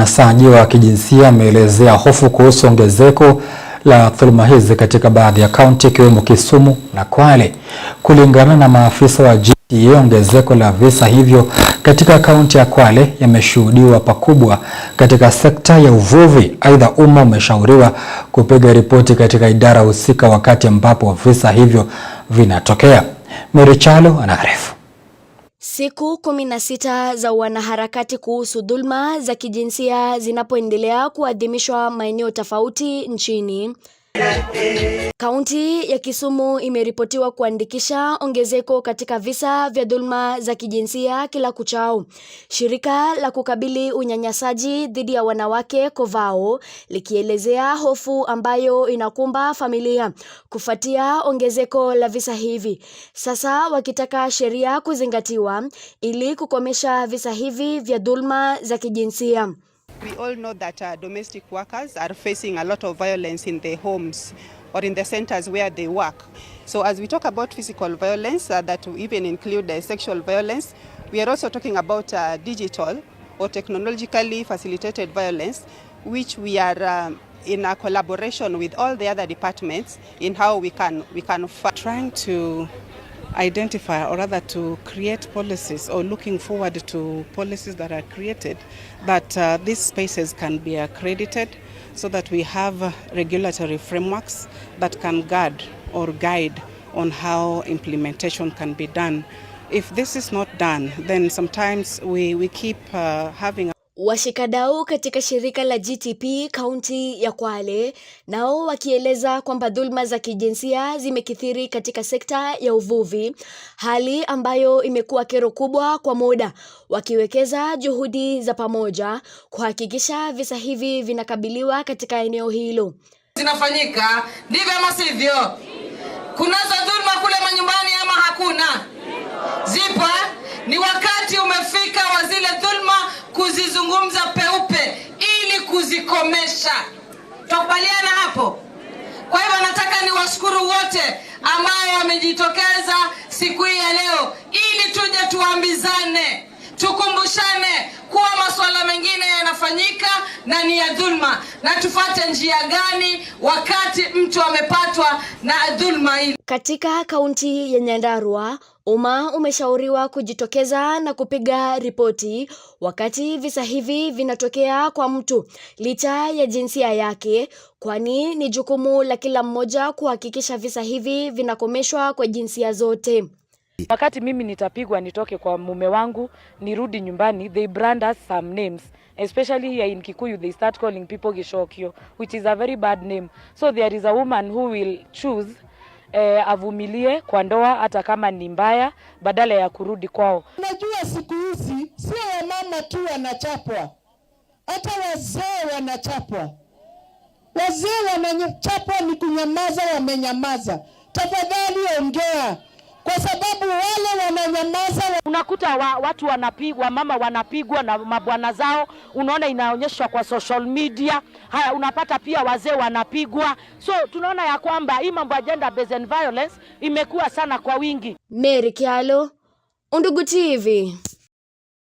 unyanyasaji wa kijinsia ameelezea hofu kuhusu ongezeko la dhuluma hizi katika baadhi ya kaunti ikiwemo Kisumu na Kwale. Kulingana na maafisa wa GTA, ongezeko la visa hivyo katika kaunti ya Kwale yameshuhudiwa pakubwa katika sekta ya uvuvi. Aidha, umma umeshauriwa kupiga ripoti katika idara husika wakati ambapo visa hivyo vinatokea. Mary Kyalo anaarifu. Siku kumi na sita za wanaharakati kuhusu dhulma za kijinsia zinapoendelea kuadhimishwa maeneo tofauti nchini, Kaunti ya Kisumu imeripotiwa kuandikisha ongezeko katika visa vya dhuluma za kijinsia kila kuchao. Shirika la kukabili unyanyasaji dhidi ya wanawake Kovao likielezea hofu ambayo inakumba familia kufuatia ongezeko la visa hivi, sasa wakitaka sheria kuzingatiwa ili kukomesha visa hivi vya dhuluma za kijinsia. We all know that uh, domestic workers are facing a lot of violence in their homes or in the centers where they work. So as we talk about physical violence uh, that even include uh, sexual violence, we are also talking about uh, digital or technologically facilitated violence, which we are um, in a collaboration with all the other departments in how we can, we can fight. Trying to identify or rather to create policies or looking forward to policies that are created that uh, these spaces can be accredited so that we have regulatory frameworks that can guard or guide on how implementation can be done. If this is not done, then sometimes we, we keep uh, having Washikadau katika shirika la GTP kaunti ya Kwale nao wakieleza kwamba dhulma za kijinsia zimekithiri katika sekta ya uvuvi, hali ambayo imekuwa kero kubwa kwa muda, wakiwekeza juhudi za pamoja kuhakikisha visa hivi vinakabiliwa katika eneo hilo. Zinafanyika ndivyo ama sivyo? Kunazo dhulma kule manyumbani ama hakuna? Zipo. Eh? Ni wakati umefika wa zile dhulma kuzungumza peupe ili kuzikomesha. Tukubaliana hapo? Kwa hivyo nataka niwashukuru wote ambao wamejitokeza siku hii ya leo, ili tuje tuambizane, tukumbushane kuwa masuala mengine yanayofanyika na ni ya dhulma, na tufate njia gani wakati mtu amepatwa na dhulma hii. Katika kaunti ya Nyandarua, umma umeshauriwa kujitokeza na kupiga ripoti wakati visa hivi vinatokea kwa mtu licha ya jinsia yake, kwani ni jukumu la kila mmoja kuhakikisha visa hivi vinakomeshwa kwa jinsia zote. Wakati mimi nitapigwa nitoke kwa mume wangu nirudi nyumbani, they brand us some names especially here in Kikuyu they start calling people Gishokio which is a very bad name. So there is a woman who will choose eh, avumilie kwa ndoa hata kama ni mbaya badala ya kurudi kwao. Unajua siku hizi sio wamama tu wanachapwa, hata wazee wanachapwa. Wazee wanachapwa ni kunyamaza, wamenyamaza. Tafadhali ongea kwa sababu wale wananyamaza. Unakuta wa, watu wanapigwa, mama wanapigwa na mabwana zao, unaona inaonyeshwa kwa social media. Haya, unapata pia wazee wanapigwa, so tunaona ya kwamba hii mambo ya gender based violence imekuwa sana kwa wingi. Mary Kyalo, Undugu TV.